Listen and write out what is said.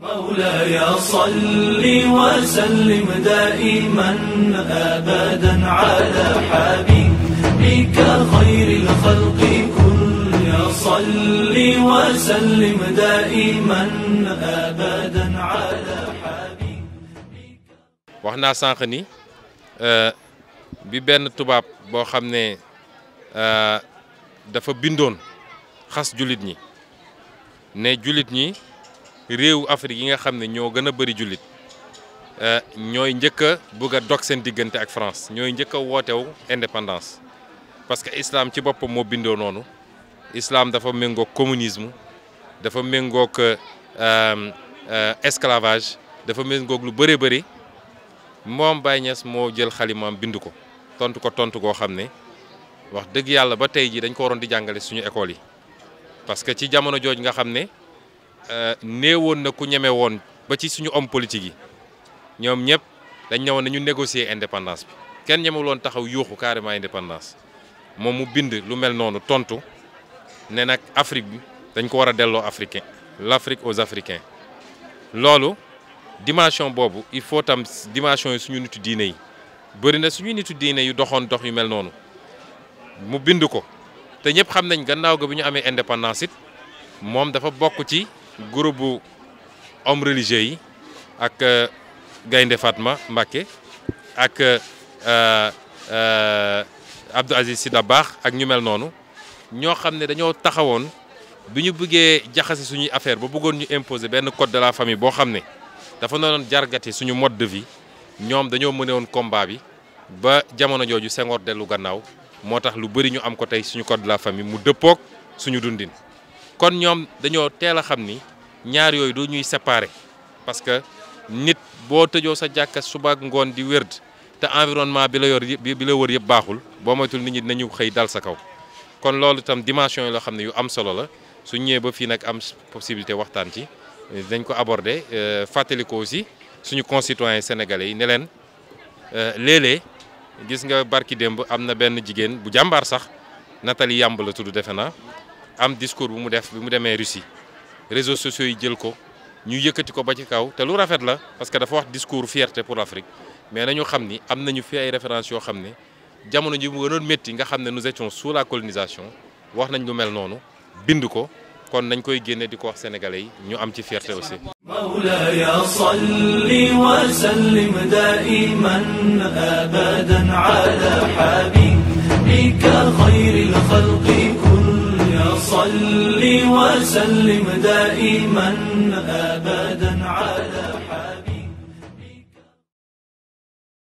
مولاي صل وسلم دائما ابدا على حبيبك خير الخلق كل صل وسلم دائما ابدا على حبيبك وحنا سانخني بي بن توباب بو خامني دا فا بيندون خاص جوليت ني ني جوليت ني réew Afrique yi nga xam ne ñoo gën a bëri jullit eh, ñooy bëgg ak France ñooy njëkk a wootew indépendance parce que islam ci boppam moo bindoo islam dafa méngoog communisme dafa méngoog eh, eh, esclavage dafa méngoog lu bëree bëri moom Baye mo moo jël xalimaam bind ko tontu ko tontu goo xam ne wax dëgg yàlla ba tey jii dañ ko waroon di jàngale suñu école yi parce que ci jamono nga Euh, néwon na ku ñeme ba ci suñu homme politique yi ñom ñëpp dañ négocier indépendance bi kenn ñemewul won taxaw carrément indépendance mom mu bind lu mel nonu tontu ne nak Afrique bi dañ ko wara dello africain l'Afrique aux Africains lolu dimension il faut tam dimension suñu nitu diiné yi bëri na suñu nitu yu dox yu mel mu bind ko xam nañ gannaaw indépendance groupe bu homme religieux yi ak euh, Gaynde Fatma Mbacké ak euh, euh, Abdou Aziz da baax ak ñu mel noonu ñoo xam ne dañoo taxawoon bi ñu bëggee jaxase suñuy affaire ba bëggoon ñu imposer benn code de la famille boo xam ne dafa noonu jargati suñu mode de vie ñoom dañoo mëne woon combat bi ba jamono jooju sengoor dellu gannaaw moo tax lu bëri ñu am ko tey suñu code de la famille mu dëppook suñu dundin kon ñoom dañoo teel a xam ni ñaar yooyu du ñuy séparer parce que nit boo tëjoo sa jàkka suba ak ngoon di wérd te environnement bi la yor bi la wër yëpp baaxul boo moytul nit ñi nañu xëy dal sa kaw kon loolu itam dimension yi loo xam ne yu am solo la su ñëwee ba fii nag am possibilité waxtaan ci dañ ko aborder euh, fàttali ko aussi suñu concitoyens sénégalais yi ne leen euh, léeg-léeg gis nga barki démb am na benn jigéen bu jàmbaar sax Nathalie Yamb la tudd defe naa am discours bu mu def mu Russie réseaux sociaux yi jël ko ñu yëkëti ko ba ci kaw té lu rafet la parce que dafa discours fierté pour l'Afrique mais nañu am références jamono ji nous étions sous la colonisation wax avons lu mel bind ko kon nañ koy wax sénégalais yi ñu am ci fierté aussi صل وسلم دائما أبدا على حبيبك